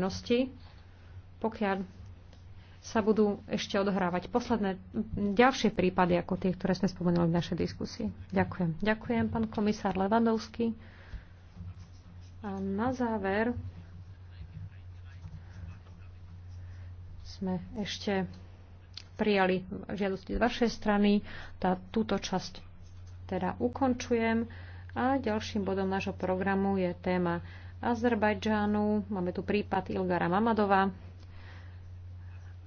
verejnosti, pokiaľ sa budú ešte odohrávať posledné ďalšie prípady, ako tie, ktoré sme spomenuli v našej diskusii. Ďakujem. Ďakujem, pán komisár Levandovský. A na záver sme ešte prijali žiadosti z vašej strany. Tá, túto časť teda ukončujem. A ďalším bodom nášho programu je téma Azerbajdžánu. Máme tu prípad Ilgara Mamadova.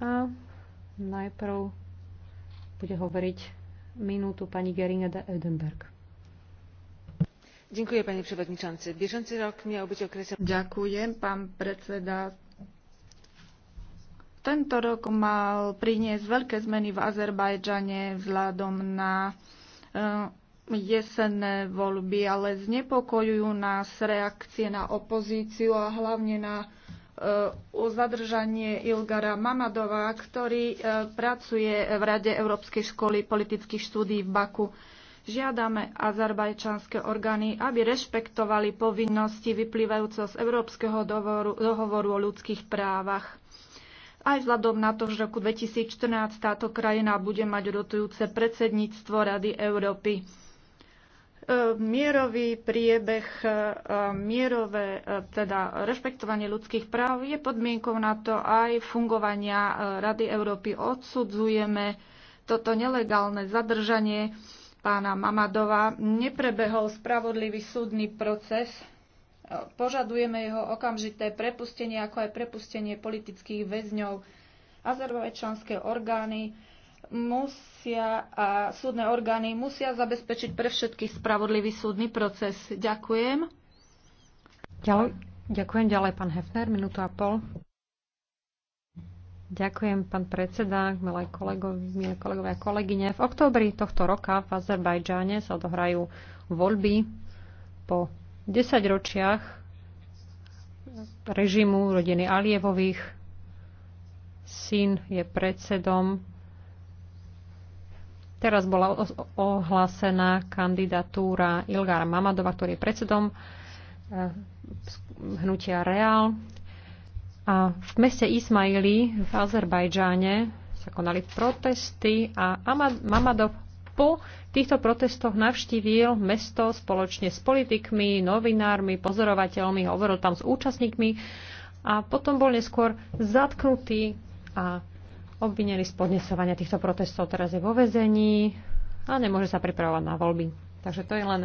A najprv bude hovoriť minútu pani Geringa de Edenberg. Ďakujem, pani przewodniczący. Biežanci rok miał obyť okresem... Ďakujem, pán predseda. Tento rok mal priniesť veľké zmeny v Azerbajdžane vzhľadom na eh, jesenné voľby, ale znepokojujú nás reakcie na opozíciu a hlavne na eh, o zadržanie Ilgara Mamadova, ktorý eh, pracuje v Rade Európskej školy politických štúdí v Baku. Žiadame azerbajčanské orgány, aby rešpektovali povinnosti vyplývajúce z Európskeho dohovoru, dohovoru o ľudských právach. Aj vzhľadom na to, že v roku 2014 táto krajina bude mať rotujúce predsedníctvo Rady Európy. E, mierový priebeh, e, mierové, e, teda rešpektovanie ľudských práv je podmienkou na to aj fungovania Rady Európy. Odsudzujeme toto nelegálne zadržanie pána Mamadova. Neprebehol spravodlivý súdny proces. Požadujeme jeho okamžité prepustenie, ako aj prepustenie politických väzňov. Azerbajčanské orgány musia a súdne orgány musia zabezpečiť pre všetky spravodlivý súdny proces. Ďakujem. Ďalej, ďakujem ďalej, pán Hefner, minútu a pol. Ďakujem, pán predseda, milé kolegovia, kolegovia a kolegyne. V októbri tohto roka v Azerbajdžáne sa odohrajú voľby po 10 ročiach režimu rodiny Alievových. Syn je predsedom Teraz bola ohlásená kandidatúra Ilgára Mamadova, ktorý je predsedom eh, hnutia Real. A v meste Ismaili v Azerbajdžáne sa konali protesty a Mamadov po týchto protestoch navštívil mesto spoločne s politikmi, novinármi, pozorovateľmi, hovoril tam s účastníkmi a potom bol neskôr zatknutý a obvinili z podnesovania týchto protestov. Teraz je vo vezení a nemôže sa pripravovať na voľby. Takže to je len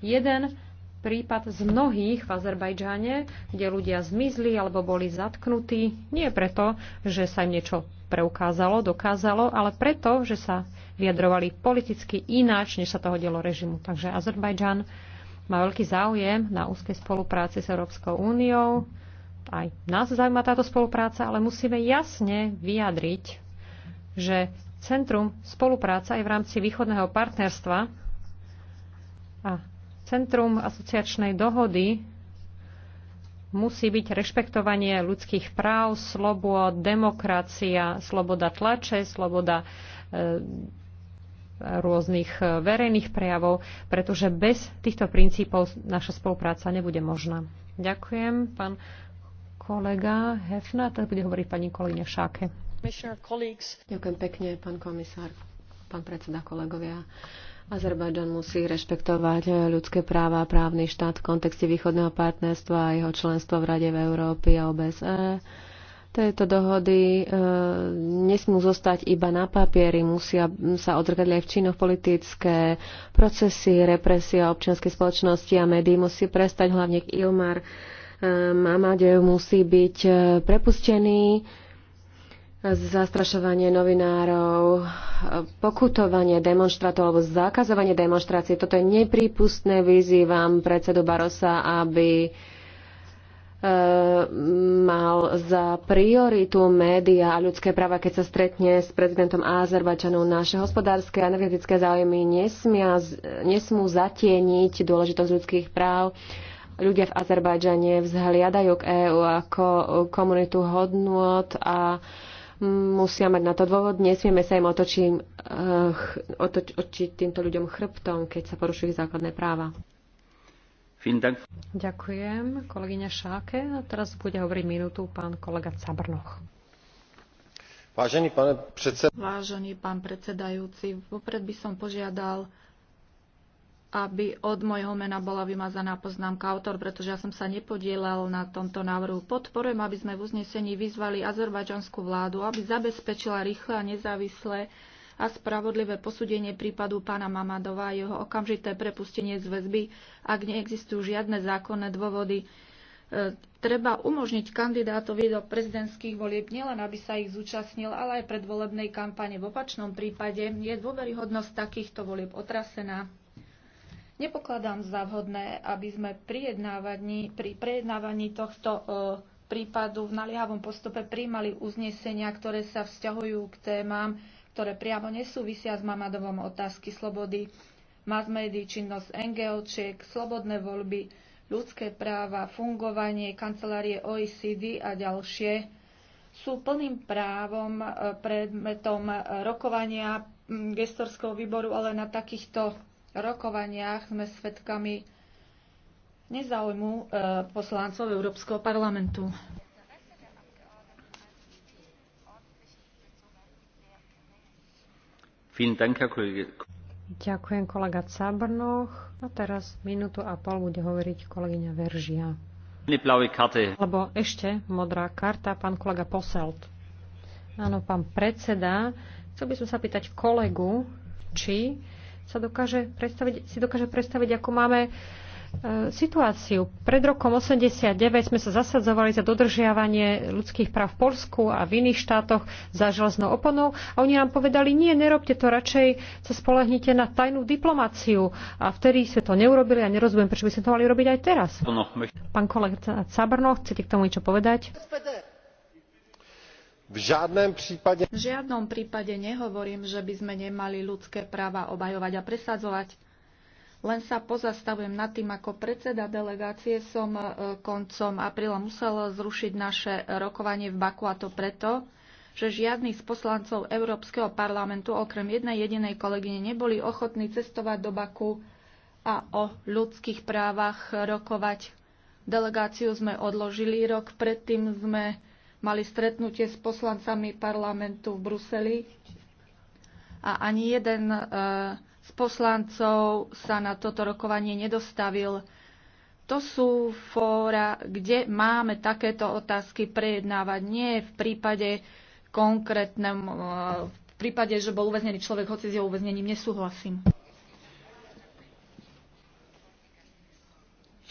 jeden prípad z mnohých v Azerbajdžane, kde ľudia zmizli alebo boli zatknutí. Nie preto, že sa im niečo preukázalo, dokázalo, ale preto, že sa vyjadrovali politicky ináč, než sa to hodilo režimu. Takže Azerbajdžan má veľký záujem na úzkej spolupráci s Európskou úniou aj nás zaujíma táto spolupráca, ale musíme jasne vyjadriť, že Centrum spolupráca je v rámci východného partnerstva a Centrum asociačnej dohody musí byť rešpektovanie ľudských práv, slobod, demokracia, sloboda tlače, sloboda e, rôznych e, verejných prejavov, pretože bez týchto princípov naša spolupráca nebude možná. Ďakujem, pán kolega Hefna, tak bude hovoriť pani kolegyňa Šáke. Ďakujem pekne, pán komisár, pán predseda, kolegovia. Azerbajdžan musí rešpektovať ľudské práva a právny štát v kontexte východného partnerstva a jeho členstvo v Rade v Európy a OBSE. Tieto dohody e, nesmú zostať iba na papieri, musia sa odzrkadliť aj v činoch politické procesy, represia občianskej spoločnosti a médií musí prestať hlavne k Ilmar. Mamadev musí byť e, prepustený, zastrašovanie novinárov, e, pokutovanie demonstrátov alebo zakazovanie demonstrácie. Toto je neprípustné Vyzývam predsedu Barosa, aby e, mal za prioritu média a ľudské práva, keď sa stretne s prezidentom Azerbajdžanu. Naše hospodárske a energetické záujmy nesmia, nesmú zatieniť dôležitosť ľudských práv ľudia v Azerbajdžane vzhliadajú k EÚ ako komunitu hodnot a musia mať na to dôvod. Nesmieme sa im otočiť, eh, otoč, otočiť týmto ľuďom chrbtom, keď sa porušujú ich základné práva. Ďakujem, kolegyňa Šáke. A teraz bude hovoriť minútu pán kolega Cabrnoch. Vážený, pane predsed... Vážený pán predsedajúci, vopred by som požiadal aby od mojho mena bola vymazaná poznámka autor, pretože ja som sa nepodielal na tomto návrhu. Podporujem, aby sme v uznesení vyzvali azerbajdžanskú vládu, aby zabezpečila rýchle a nezávislé a spravodlivé posúdenie prípadu pána Mamadova a jeho okamžité prepustenie z väzby, ak neexistujú žiadne zákonné dôvody. E, treba umožniť kandidátovi do prezidentských volieb nielen, aby sa ich zúčastnil, ale aj predvolebnej kampane. V opačnom prípade je dôveryhodnosť takýchto volieb otrasená. Nepokladám za vhodné, aby sme pri, pri prejednávaní tohto e, prípadu v naliehavom postupe príjmali uznesenia, ktoré sa vzťahujú k témam, ktoré priamo nesúvisia s Mamadovom otázky slobody, mass médií, činnosť NGOčiek, slobodné voľby, ľudské práva, fungovanie kancelárie OECD a ďalšie sú plným právom e, predmetom e, rokovania gestorského výboru, ale na takýchto rokovaniach sme svedkami nezáujmu e, poslancov Európskeho parlamentu. Ďakujem kolega Cabrnoch. A teraz minútu a pol bude hovoriť kolegyňa Veržia. Lebo ešte modrá karta, pán kolega Poselt. Áno, pán predseda. Chcel by som sa pýtať kolegu, či sa dokáže predstaviť, si dokáže predstaviť, ako máme e, situáciu. Pred rokom 89 sme sa zasadzovali za dodržiavanie ľudských práv v Polsku a v iných štátoch za železnou oponou a oni nám povedali, nie, nerobte to, radšej sa spolehnite na tajnú diplomáciu. A vtedy ste to neurobili a nerozumiem, prečo by sme to mali robiť aj teraz. No, no, Pán kolega Cabrno, chcete k tomu niečo povedať? SPD. V žiadnom prípade... V žiadnom prípade nehovorím, že by sme nemali ľudské práva obhajovať a presadzovať. Len sa pozastavujem nad tým, ako predseda delegácie som e, koncom apríla musel zrušiť naše rokovanie v Baku a to preto, že žiadny z poslancov Európskeho parlamentu okrem jednej jedinej kolegyne neboli ochotní cestovať do Baku a o ľudských právach rokovať. Delegáciu sme odložili rok, predtým sme mali stretnutie s poslancami parlamentu v Bruseli a ani jeden e, z poslancov sa na toto rokovanie nedostavil. To sú fóra, kde máme takéto otázky prejednávať. Nie v prípade konkrétnom, e, v prípade, že bol uväznený človek, hoci s jeho uväznením nesúhlasím.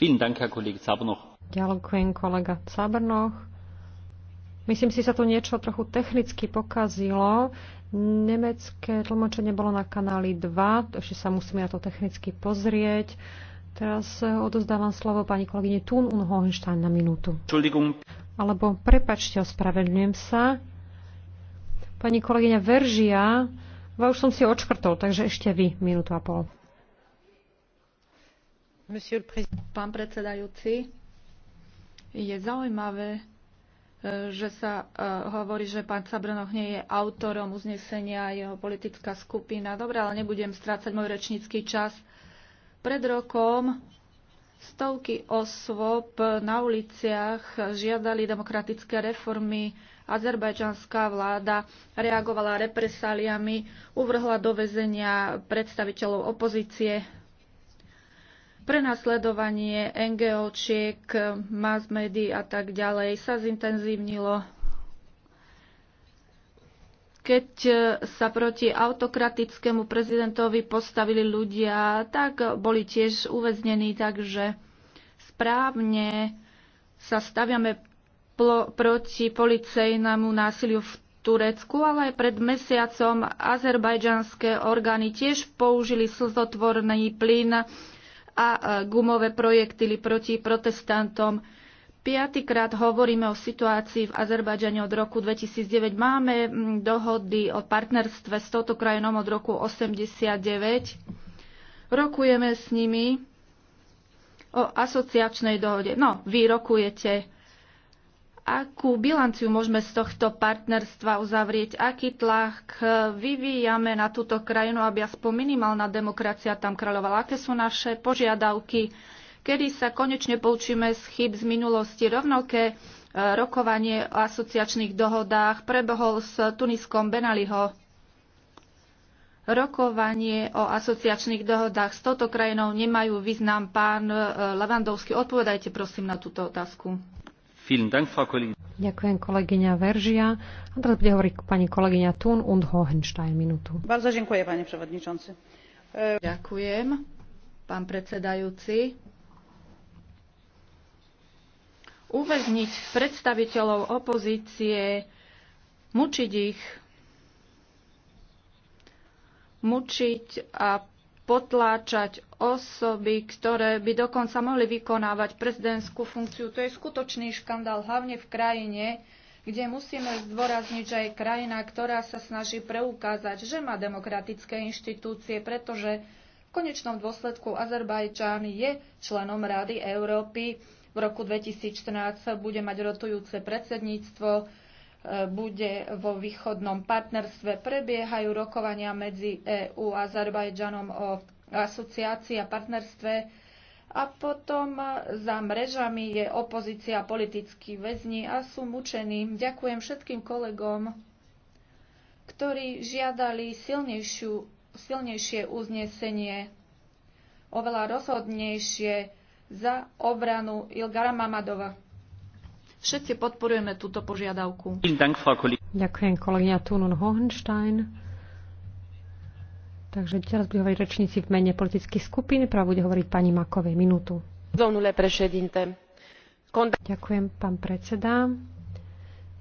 Ďakujem kolega Cabrnoch. Myslím si, sa tu niečo trochu technicky pokazilo. Nemecké tlmočenie bolo na kanáli 2, ešte sa musíme na to technicky pozrieť. Teraz eh, odozdávam slovo pani kolegyne Thun Hohenstein na minútu. Alebo prepačte, ospravedlňujem sa. Pani kolegyňa Veržia, už som si odškrtol, takže ešte vy, minútu a pol. Pán predsedajúci, je zaujímavé, E, že sa e, hovorí, že pán Cabrnoch nie je autorom uznesenia, jeho politická skupina. Dobre, ale nebudem strácať môj rečnícky čas. Pred rokom stovky osôb na uliciach žiadali demokratické reformy. Azerbajčanská vláda reagovala represáliami, uvrhla do vezenia predstaviteľov opozície, Prenasledovanie NGOčiek, mass médií a tak ďalej sa zintenzívnilo. Keď sa proti autokratickému prezidentovi postavili ľudia, tak boli tiež uväznení, takže správne sa staviame proti policejnému násiliu v Turecku, ale aj pred mesiacom azerbajdžanské orgány tiež použili slzotvorný plyn a e, gumové projektily proti protestantom. Piatýkrát hovoríme o situácii v Azerbajdžane od roku 2009. Máme dohody o partnerstve s touto krajinou od roku 89. Rokujeme s nimi o asociačnej dohode. No, vy rokujete Akú bilanciu môžeme z tohto partnerstva uzavrieť? Aký tlak vyvíjame na túto krajinu, aby aspoň minimálna demokracia tam kráľovala? Aké sú naše požiadavky? Kedy sa konečne poučíme z chyb z minulosti? rovnoké e, rokovanie o asociačných dohodách prebohol s Tuniskom Benaliho. Rokovanie o asociačných dohodách s touto krajinou nemajú význam. Pán e, Levandovský, odpovedajte prosím na túto otázku. Ďakujem kolegyňa Veržia. A teraz bude hovoriť pani kolegyňa Thun und Hohenstein minútu. Bardzo ďakujem, pani prevodničonci. E, ďakujem, pán predsedajúci. Uväzniť predstaviteľov opozície, mučiť ich, mučiť a potláčať osoby, ktoré by dokonca mohli vykonávať prezidentskú funkciu. To je skutočný škandál, hlavne v krajine, kde musíme zdôrazniť, že aj krajina, ktorá sa snaží preukázať, že má demokratické inštitúcie, pretože v konečnom dôsledku Azerbajčan je členom Rady Európy. V roku 2014 bude mať rotujúce predsedníctvo bude vo východnom partnerstve. Prebiehajú rokovania medzi EÚ a Azerbajdžanom o asociácii a partnerstve a potom za mrežami je opozícia politickí väzni a sú mučení. Ďakujem všetkým kolegom, ktorí žiadali silnejšie uznesenie, oveľa rozhodnejšie za obranu Ilgara Mamadova. Všetci podporujeme túto požiadavku. Ďakujem kolegyňa Tunun Hohenstein. Takže teraz by hovorili rečníci v mene politických skupín. práve bude hovoriť pani Makovej minútu. Ďakujem, pán predseda.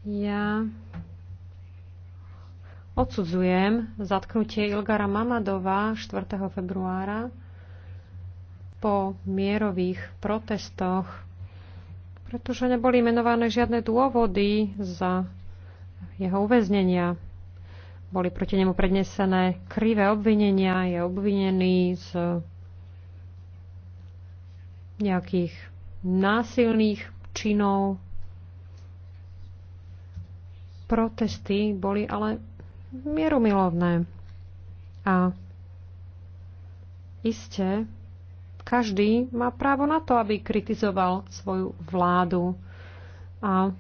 Ja odsudzujem zatknutie Ilgara Mamadova 4. februára po mierových protestoch pretože neboli menované žiadne dôvody za jeho uväznenia. Boli proti nemu prednesené krivé obvinenia, je obvinený z nejakých násilných činov. Protesty boli ale mierumilovné. A iste každý má právo na to, aby kritizoval svoju vládu. A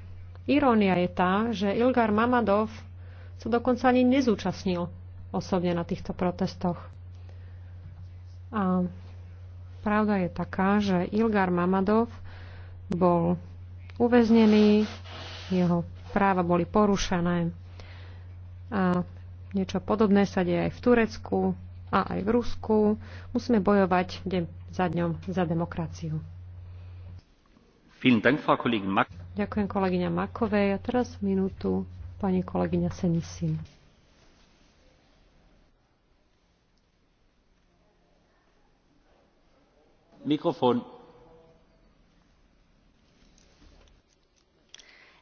irónia je tá, že Ilgar Mamadov sa dokonca ani nezúčastnil osobne na týchto protestoch. A pravda je taká, že Ilgar Mamadov bol uväznený, jeho práva boli porušené. A niečo podobné sa deje aj v Turecku a aj v Rusku. Musíme bojovať, kde za dňom za demokraciu. Ďakujem kolegyňa Makovej a teraz minútu pani kolegyňa Senisin. Mikrofón.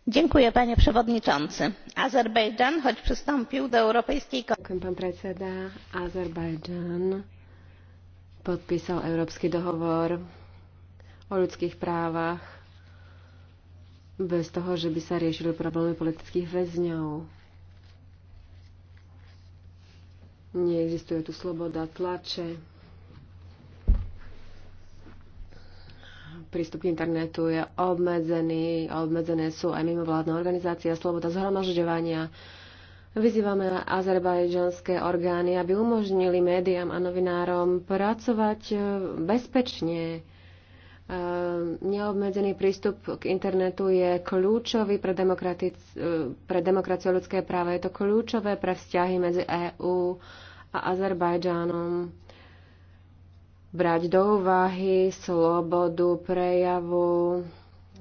Dziękuję panie przewodniczący. Azerbejdżan, choć przystąpił do europejskiej Dziękuję pan prezydent. Azerbejdżan podpísal Európsky dohovor o ľudských právach bez toho, že by sa riešili problémy politických väzňov. Neexistuje tu sloboda tlače. Prístup k internetu je obmedzený, obmedzené sú aj mimovládne organizácie, sloboda zhromažďovania, Vyzývame azerbajdžanské orgány, aby umožnili médiám a novinárom pracovať e, bezpečne. E, neobmedzený prístup k internetu je kľúčový pre, e, pre demokraciu a ľudské práva. Je to kľúčové pre vzťahy medzi EÚ a Azerbajdžánom. Brať do úvahy slobodu prejavu,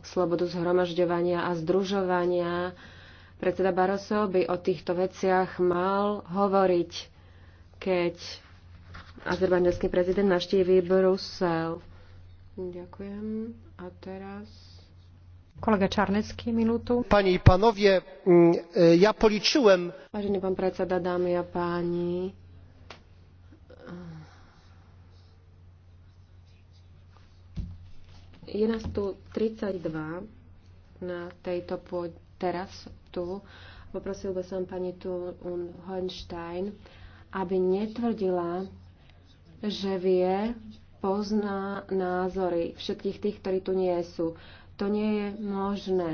slobodu zhromažďovania a združovania, Predseda Barroso by o týchto veciach mal hovoriť, keď azerbajdžanský prezident navštíví Brusel. Ďakujem. A teraz... Kolega Czarnecki, minútu. Pani i panowie, mm, e, ja policzyłem... Vážený pán predseda, dámy a páni, je nás tu 32 na tejto pôde teraz tu. Poprosil by som pani Thun Hohenstein, aby netvrdila, že vie, pozná názory všetkých tých, ktorí tu nie sú. To nie je možné.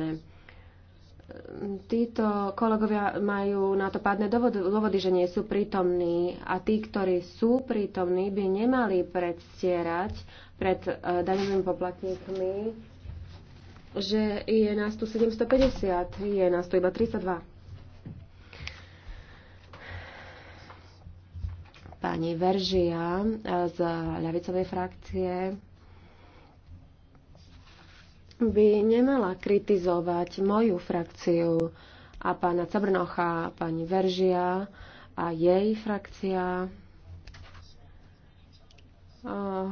Títo kolegovia majú na to pádne dôvody, že nie sú prítomní a tí, ktorí sú prítomní, by nemali predstierať pred eh, daňovými poplatníkmi, že je nás tu 750, je nás tu iba 32. Pani Veržia eh, z ľavicovej frakcie by nemala kritizovať moju frakciu a pána Cabrnocha, pani Veržia a jej frakcia eh,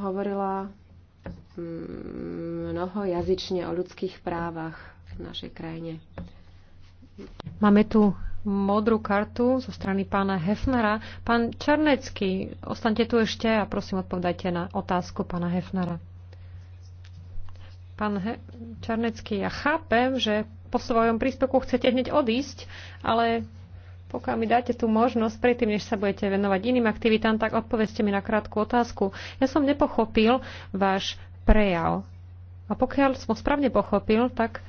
hovorila Mnoho jazyčne o ľudských právach v našej krajine. Máme tu modrú kartu zo strany pána Hefnera. Pán Černecký, ostante tu ešte a prosím odpovedajte na otázku pána Hefnera. Pán He- Černecký, ja chápem, že po svojom príspevku chcete hneď odísť, ale pokiaľ mi dáte tú možnosť, predtým, než sa budete venovať iným aktivitám, tak odpovedzte mi na krátku otázku. Ja som nepochopil váš prejav. A pokiaľ som správne pochopil, tak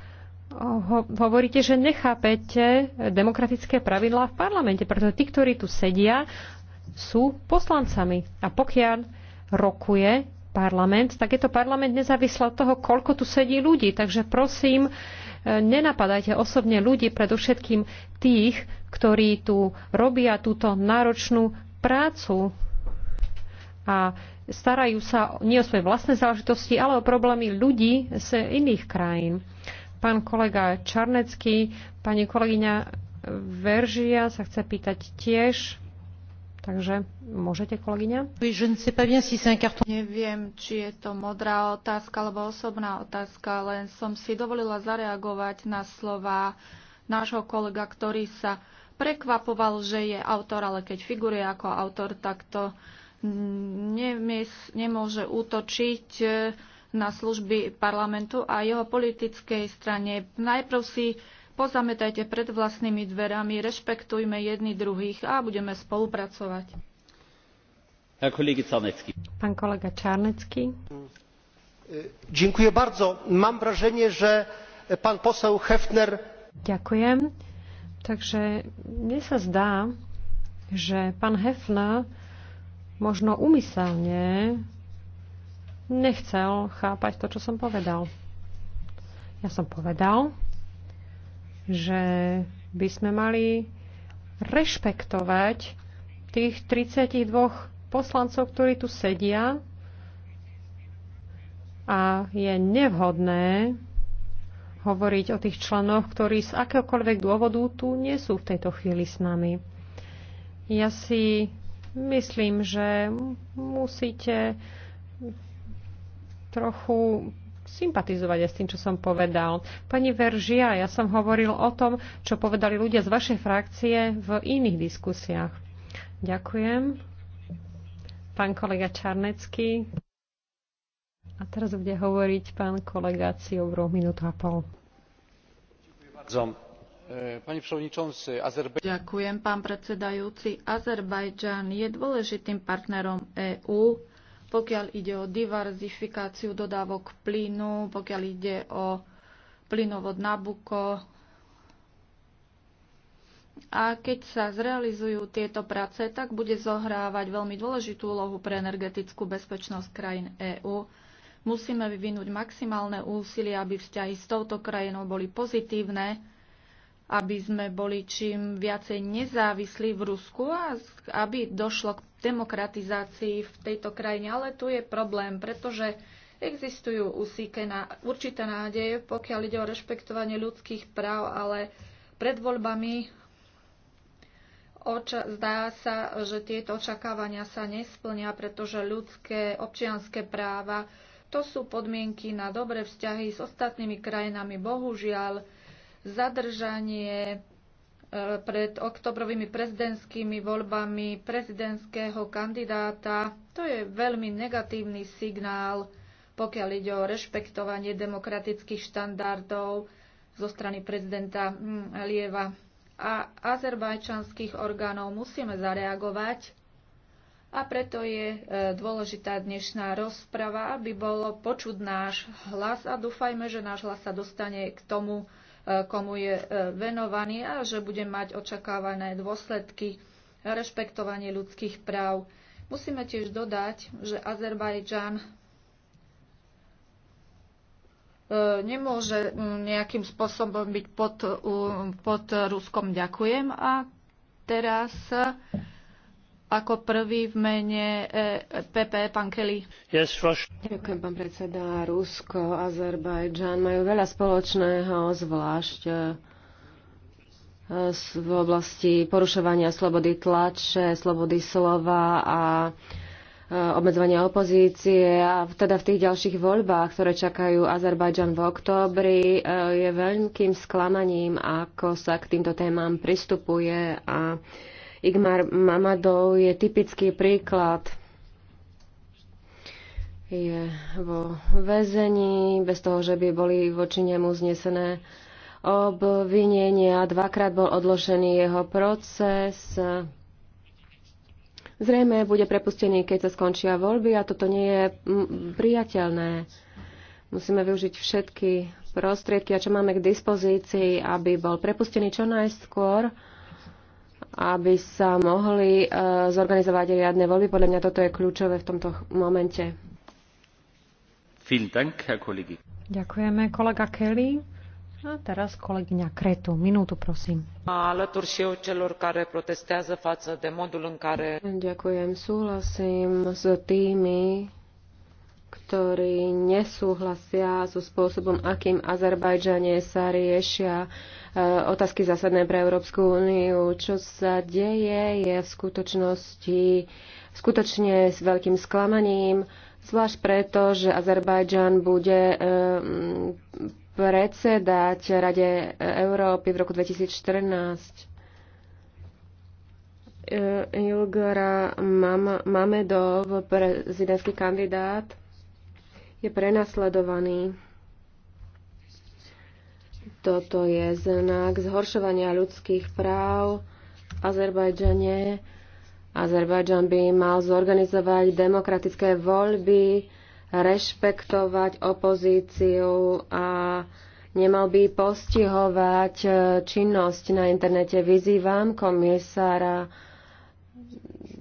ho, hovoríte, že nechápete demokratické pravidlá v parlamente, pretože tí, ktorí tu sedia, sú poslancami. A pokiaľ rokuje parlament, tak je to parlament nezávisle od toho, koľko tu sedí ľudí. Takže prosím, e, nenapadajte osobne ľudí, predovšetkým tých, ktorí tu robia túto náročnú prácu. A starajú sa nie o svoje vlastné záležitosti, ale o problémy ľudí z iných krajín. Pán kolega Čarnecký, pani kolegyňa Veržia sa chce pýtať tiež. Takže môžete, kolegyňa? Neviem, či je to modrá otázka alebo osobná otázka, len som si dovolila zareagovať na slova nášho kolega, ktorý sa prekvapoval, že je autor, ale keď figuruje ako autor, tak to uh, nemôže útočiť e, na služby parlamentu a jeho politickej strane. Najprv si pozametajte pred vlastnými dverami, rešpektujme jedni druhých a budeme spolupracovať. Pán kolega Čarnecký. E, dziękuję bardzo. Mam wrażenie, że pan poseł Hefner... Ďakujem. Takže mne sa zdá, že pán Hefner možno umyselne nechcel chápať to, čo som povedal. Ja som povedal, že by sme mali rešpektovať tých 32 poslancov, ktorí tu sedia a je nevhodné hovoriť o tých členoch, ktorí z akéhokoľvek dôvodu tu nie sú v tejto chvíli s nami. Ja si myslím, že musíte trochu sympatizovať aj s tým, čo som povedal. Pani Veržia, ja som hovoril o tom, čo povedali ľudia z vašej frakcie v iných diskusiách. Ďakujem. Pán kolega Čarnecký. A teraz bude hovoriť pán kolega Ciobro minútu a pol. Ďakujem Eh, Ďakujem, pán predsedajúci. Azerbajdžan je dôležitým partnerom EÚ, pokiaľ ide o diverzifikáciu dodávok plynu, pokiaľ ide o plynovod Nabuko. A keď sa zrealizujú tieto práce, tak bude zohrávať veľmi dôležitú úlohu pre energetickú bezpečnosť krajín EÚ. Musíme vyvinúť maximálne úsilie, aby vzťahy s touto krajinou boli pozitívne aby sme boli čím viacej nezávislí v Rusku a aby došlo k demokratizácii v tejto krajine. Ale tu je problém, pretože existujú usíke na určité nádeje, pokiaľ ide o rešpektovanie ľudských práv, ale pred voľbami oča- zdá sa, že tieto očakávania sa nesplnia, pretože ľudské občianské práva to sú podmienky na dobré vzťahy s ostatnými krajinami. Bohužiaľ, zadržanie e, pred oktobrovými prezidentskými voľbami prezidentského kandidáta. To je veľmi negatívny signál, pokiaľ ide o rešpektovanie demokratických štandardov zo strany prezidenta mm, Lieva a azerbajčanských orgánov musíme zareagovať a preto je e, dôležitá dnešná rozprava, aby bolo počuť náš hlas a dúfajme, že náš hlas sa dostane k tomu, komu je e, venovaný a že bude mať očakávané dôsledky rešpektovanie ľudských práv. Musíme tiež dodať, že Azerbajdžan e, nemôže mm, nejakým spôsobom byť pod, pod Ruskom. Ďakujem. A teraz e, ako prvý v mene PP, pán Kelly. Yes, Ďakujem, pán predseda. Rusko, Azerbajdžan majú veľa spoločného, zvlášť eh, v oblasti porušovania slobody tlače, slobody slova a eh, obmedzovania opozície a teda v tých ďalších voľbách, ktoré čakajú Azerbajdžan v októbri, eh, je veľkým sklamaním, ako sa k týmto témam pristupuje a Igmar Mamadov je typický príklad. Je vo väzení, bez toho, že by boli voči nemu znesené obvinenia. Dvakrát bol odložený jeho proces. Zrejme bude prepustený, keď sa skončia voľby a toto nie je priateľné. Musíme využiť všetky prostriedky a čo máme k dispozícii, aby bol prepustený čo najskôr aby sa mohli e, zorganizovať riadne voľby. Podľa mňa toto je kľúčové v tomto momente. Ďakujeme, kolega Kelly. A teraz kolegyňa Kretu. Minútu, prosím. Ďakujem, súhlasím s tými, ktorí nesúhlasia so spôsobom, akým Azerbajdžane sa riešia e, otázky zásadné pre Európsku úniu. Čo sa deje je v skutočnosti skutočne s veľkým sklamaním, zvlášť preto, že Azerbajdžan bude e, predsedať Rade Európy v roku 2014. E, Ilgara Mamedov, prezidentský kandidát, je prenasledovaný. Toto je znak zhoršovania ľudských práv v Azerbajdžane. Azerbajdžan by mal zorganizovať demokratické voľby, rešpektovať opozíciu a nemal by postihovať činnosť na internete. Vyzývam komisára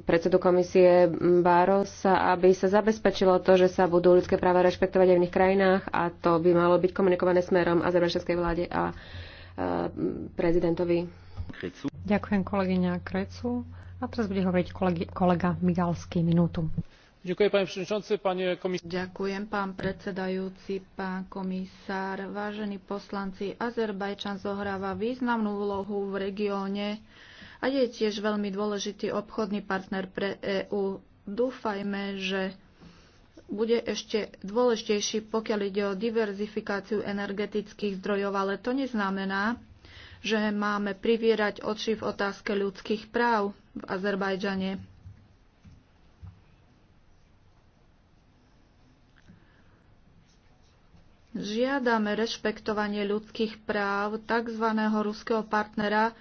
predsedu komisie Barosa, aby sa zabezpečilo to, že sa budú ľudské práva rešpektovať aj v iných krajinách a to by malo byť komunikované smerom azerbajdžanskej vláde a prezidentovi. Ďakujem kolegyňa Krecu. A teraz bude hovoriť kolega Migalský minútu. Ďakujem, pán predsedajúci, pani komisár. Ďakujem, pán predsedajúci, pán komisár. Vážení poslanci, Azerbajčan zohráva významnú úlohu v regióne, a je tiež veľmi dôležitý obchodný partner pre EÚ. Dúfajme, že bude ešte dôležitejší, pokiaľ ide o diverzifikáciu energetických zdrojov, ale to neznamená, že máme privierať oči v otázke ľudských práv v Azerbajdžane. Žiadame rešpektovanie ľudských práv tzv. ruského partnera,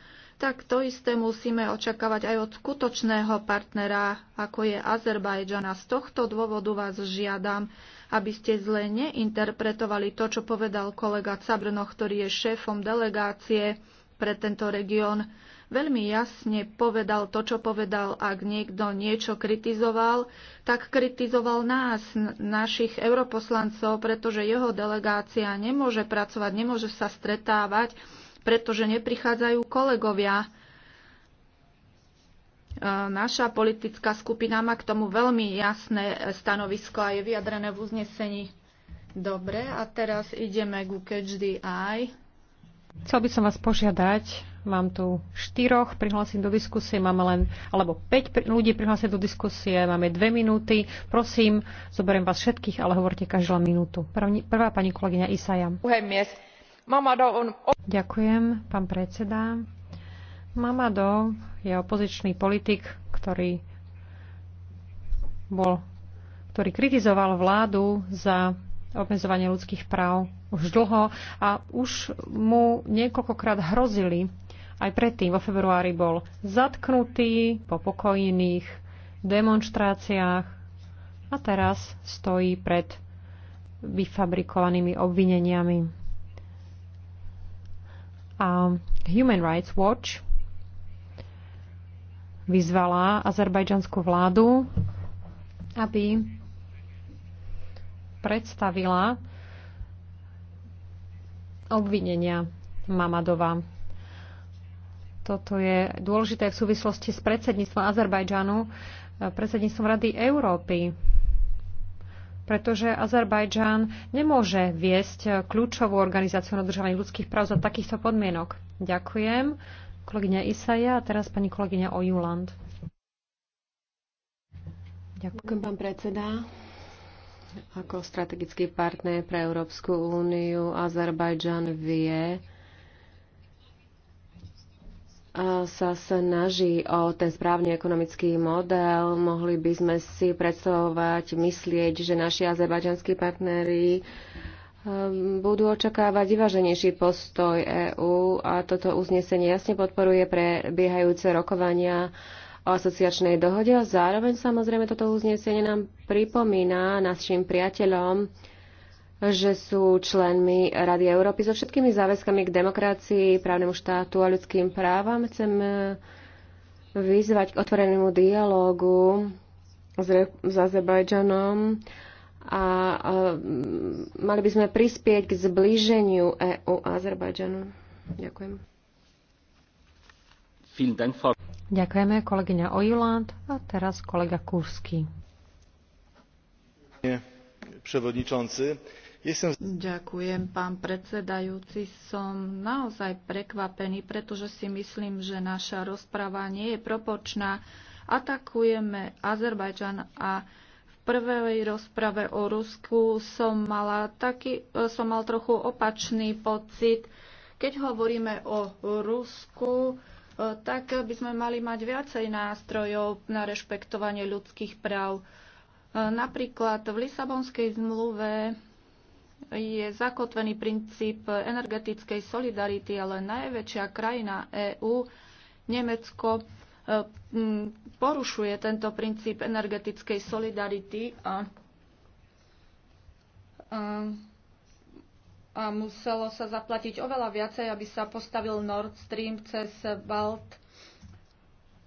tak to isté musíme očakávať aj od skutočného partnera, ako je Azerbajdžan. A z tohto dôvodu vás žiadam, aby ste zle neinterpretovali to, čo povedal kolega Cabrno, ktorý je šéfom delegácie pre tento región. Veľmi jasne povedal to, čo povedal. Ak niekto niečo kritizoval, tak kritizoval nás, našich europoslancov, pretože jeho delegácia nemôže pracovať, nemôže sa stretávať pretože neprichádzajú kolegovia. E, naša politická skupina má k tomu veľmi jasné stanovisko a je vyjadrené v uznesení. Dobre, a teraz ideme ku Catch the Eye. Chcel by som vás požiadať, mám tu štyroch prihlásených do diskusie, máme len, alebo 5 ľudí prihlásených do diskusie, máme dve minúty. Prosím, zoberiem vás všetkých, ale hovorte každú minútu. Prvá pani kolegyňa Isaja. miest. Ďakujem, pán predseda. Mamado je opozičný politik, ktorý bol, ktorý kritizoval vládu za obmedzovanie ľudských práv už dlho a už mu niekoľkokrát hrozili. Aj predtým vo februári bol zatknutý po pokojných demonstráciách a teraz stojí pred vyfabrikovanými obvineniami. A Human Rights Watch vyzvala azerbajdžanskú vládu, aby predstavila obvinenia Mamadova. Toto je dôležité v súvislosti s predsedníctvom Azerbajdžanu, predsedníctvom Rady Európy pretože Azerbajdžan nemôže viesť kľúčovú organizáciu na držovanie ľudských práv za takýchto podmienok. Ďakujem. Kolegyňa Isaja a teraz pani kolegyňa Ojuland. Ďakujem, pán predseda. Ako strategický partner pre Európsku úniu Azerbajdžan vie, sa snaží o ten správny ekonomický model. Mohli by sme si predstavovať, myslieť, že naši azerbajdžanskí partnery ehm, budú očakávať vyváženejší postoj EÚ a toto uznesenie jasne podporuje prebiehajúce rokovania o asociačnej dohode a zároveň samozrejme toto uznesenie nám pripomína našim priateľom, že sú členmi Rady Európy so všetkými záväzkami k demokracii, právnemu štátu a ľudským právam. Chcem e, vyzvať k otvorenému dialogu s, s Azerbajdžanom a, a e, mali by sme prispieť k zblíženiu EU a Azerbajdžanu. Ďakujem. Ďakujeme kolegyňa Ojuland a teraz kolega Kurský. Yeah som... Ďakujem, pán predsedajúci. Som naozaj prekvapený, pretože si myslím, že naša rozpráva nie je propočná. Atakujeme Azerbajdžan a v prvej rozprave o Rusku som, mala taký, som mal trochu opačný pocit. Keď hovoríme o Rusku, tak by sme mali mať viacej nástrojov na rešpektovanie ľudských práv. Napríklad v Lisabonskej zmluve je zakotvený princíp energetickej solidarity, ale najväčšia krajina EÚ, Nemecko, e, porušuje tento princíp energetickej solidarity a, a, a muselo sa zaplatiť oveľa viacej, aby sa postavil Nord Stream cez Balt.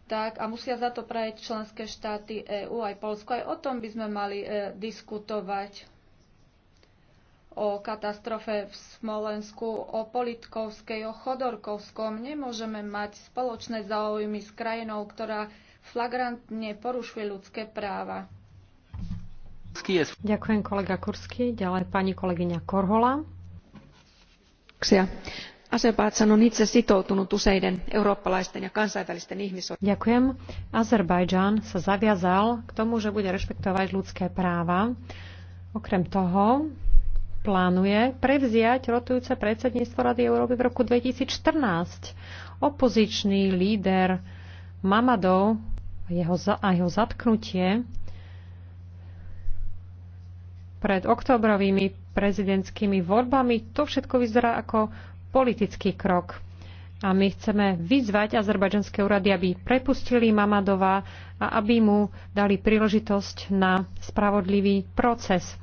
Tak, a musia za to prajeť členské štáty EÚ, aj Polsko. Aj o tom by sme mali e, diskutovať o katastrofe v Smolensku, o Politkovskej, o Chodorkovskom. Nemôžeme mať spoločné záujmy s krajinou, ktorá flagrantne porušuje ľudské práva. Ďakujem kolega Kurský. Ďalej pani kolegyňa Korhola. Azerbaidžan on itse sitoutunut useiden eurooppalaisten ja kansainvälisten ihmisoikeuksien. Azerbajdžan sa zaviazal k tomu, že bude rešpektovať ľudské práva. Okrem toho plánuje prevziať rotujúce predsedníctvo Rady Európy v roku 2014. Opozičný líder Mamadov jeho a jeho zatknutie pred oktobrovými prezidentskými voľbami, to všetko vyzerá ako politický krok. A my chceme vyzvať azerbajdžanské úrady, aby prepustili Mamadova a aby mu dali príležitosť na spravodlivý proces.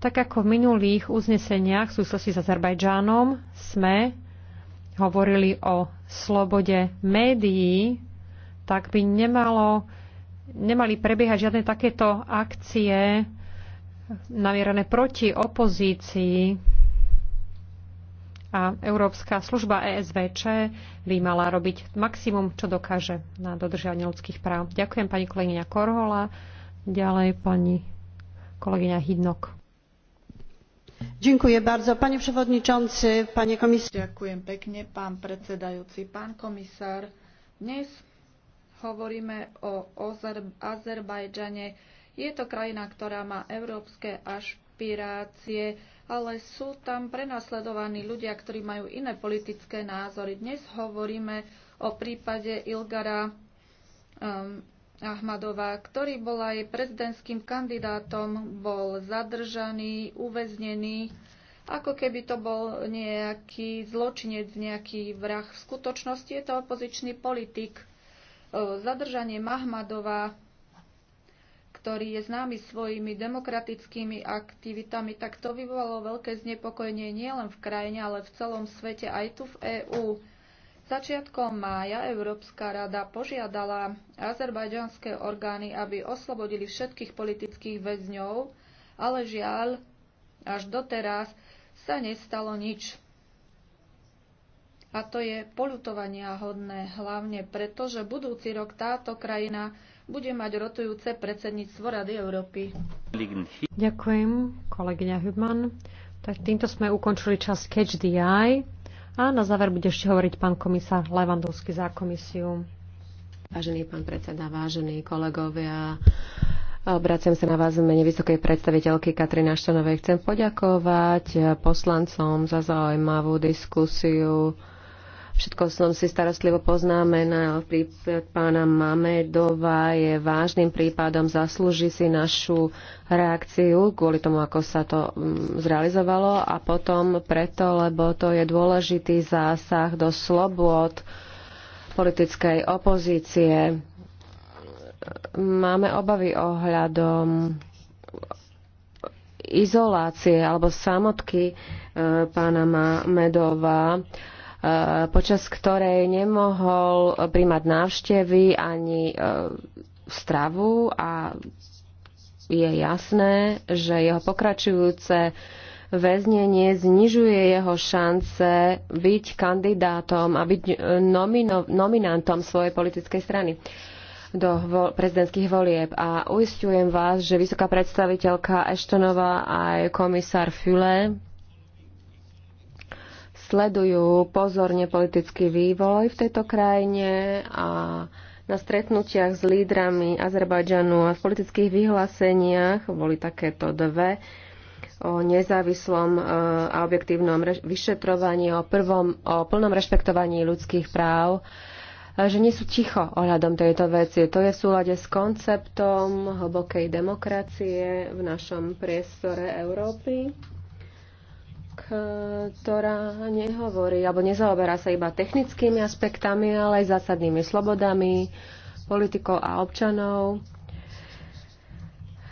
Tak ako v minulých uzneseniach v súvislosti s Azerbajdžánom sme hovorili o slobode médií, tak by nemalo, nemali prebiehať žiadne takéto akcie namierané proti opozícii. A Európska služba ESVČ by mala robiť maximum, čo dokáže na dodržiavanie ľudských práv. Ďakujem pani kolegyňa Korhola, ďalej pani kolegyňa Hidnok. Panie przewodniczący, panie komisarzu. Ďakujem pekne, pán predsedajúci. Pán komisár, dnes hovoríme o Azerbajdžane. Je to krajina, ktorá má európske ašpirácie, ale sú tam prenasledovaní ľudia, ktorí majú iné politické názory. Dnes hovoríme o prípade Ilgara um, Ahmadová, ktorý bol aj prezidentským kandidátom, bol zadržaný, uväznený, ako keby to bol nejaký zločinec, nejaký vrah. V skutočnosti je to opozičný politik. E, zadržanie Mahmadova, ktorý je známy svojimi demokratickými aktivitami, tak to vyvolalo veľké znepokojenie nielen v krajine, ale v celom svete, aj tu v EÚ Začiatkom mája Európska rada požiadala azerbajďanské orgány, aby oslobodili všetkých politických väzňov, ale žiaľ, až doteraz sa nestalo nič. A to je polutovania hodné, hlavne preto, že budúci rok táto krajina bude mať rotujúce predsedníctvo Rady Európy. Ďakujem, kolegyňa Hübman. Tak týmto sme ukončili čas Catch the Eye. A na záver bude ešte hovoriť pán komisár Levandovský za komisiu. Vážený pán predseda, vážení kolegovia, Obraciam sa na vás v mene vysokej predstaviteľky Katrina Štanovej. Chcem poďakovať poslancom za zaujímavú diskusiu. Všetko som si starostlivo poznamenal. Prípad pána Mamedova je vážnym prípadom, zaslúži si našu reakciu kvôli tomu, ako sa to mm, zrealizovalo a potom preto, lebo to je dôležitý zásah do slobod politickej opozície. Máme obavy ohľadom izolácie alebo samotky e, pána Medova. Eh, počas ktorej nemohol príjmať návštevy ani eh, stravu a je jasné, že jeho pokračujúce väznenie znižuje jeho šance byť kandidátom a byť eh, nomino- nominantom svojej politickej strany do vo- prezidentských volieb. A uistujem vás, že vysoká predstaviteľka Eštonová a aj komisár Füle sledujú pozorne politický vývoj v tejto krajine a na stretnutiach s lídrami Azerbajdžanu a v politických vyhláseniach boli takéto dve o nezávislom e, a objektívnom vyšetrovaní, o, prvom, o plnom rešpektovaní ľudských práv, že nie sú ticho ohľadom tejto veci. To je v súlade s konceptom hlbokej demokracie v našom priestore Európy ktorá nehovorí alebo nezaoberá sa iba technickými aspektami, ale aj zásadnými slobodami politikov a občanov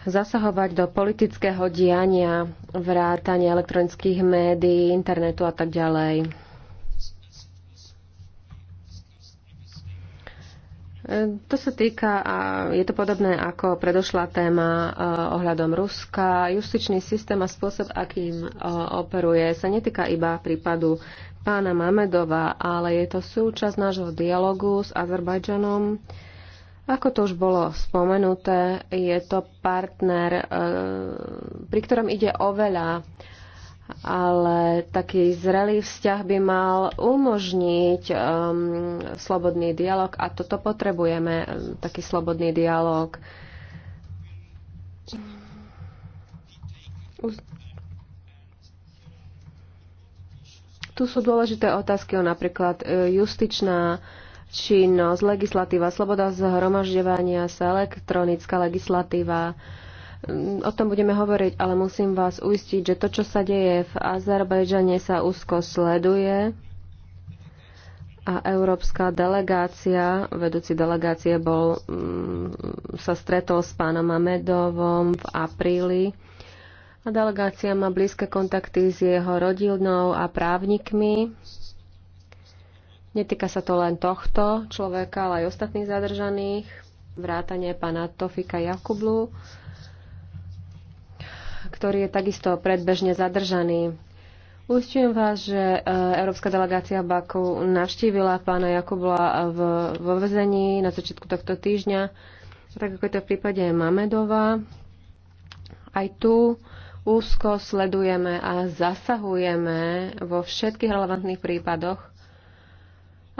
zasahovať do politického diania, vrátania elektronických médií, internetu a tak ďalej. To sa týka, a je to podobné ako predošla téma eh, ohľadom Ruska. Justičný systém a spôsob, akým eh, operuje, sa netýka iba prípadu pána Mamedova, ale je to súčasť nášho dialogu s Azerbajdžanom. Ako to už bolo spomenuté, je to partner, eh, pri ktorom ide oveľa ale taký zrelý vzťah by mal umožniť um, slobodný dialog a toto potrebujeme, um, taký slobodný dialog. Tu sú dôležité otázky o napríklad e, justičná činnosť, legislatíva, sloboda zhromažďovania sa, elektronická legislatíva. Uh, Mm, o tom budeme hovoriť, ale musím vás uistiť, že to, čo sa deje v Azerbajdžane, sa úzko sleduje a európska delegácia, vedúci delegácie bol, mm, sa stretol s pánom Amedovom v apríli a delegácia má blízke kontakty s jeho rodinou a právnikmi. Netýka sa to len tohto človeka, ale aj ostatných zadržaných, vrátane pána Tofika Jakublu ktorý je takisto predbežne zadržaný. Ústujem vás, že e, Európska delegácia Baku navštívila pána Jakubla e, v, vo vezení na začiatku tohto týždňa, tak ako je to v prípade Mamedova. Aj tu úzko sledujeme a zasahujeme vo všetkých relevantných prípadoch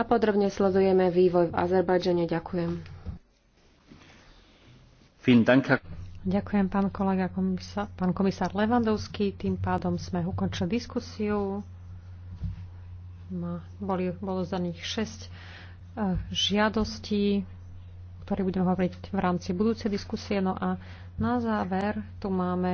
a podrobne sledujeme vývoj v Azerbajdžane. Ďakujem. Ďakujem, pán kolega, komisa, pán komisár Levandovský. Tým pádom sme ukončili diskusiu. Boli, bolo za nich 6 e, žiadostí, ktoré budeme hovoriť v rámci budúcej diskusie. No a na záver tu máme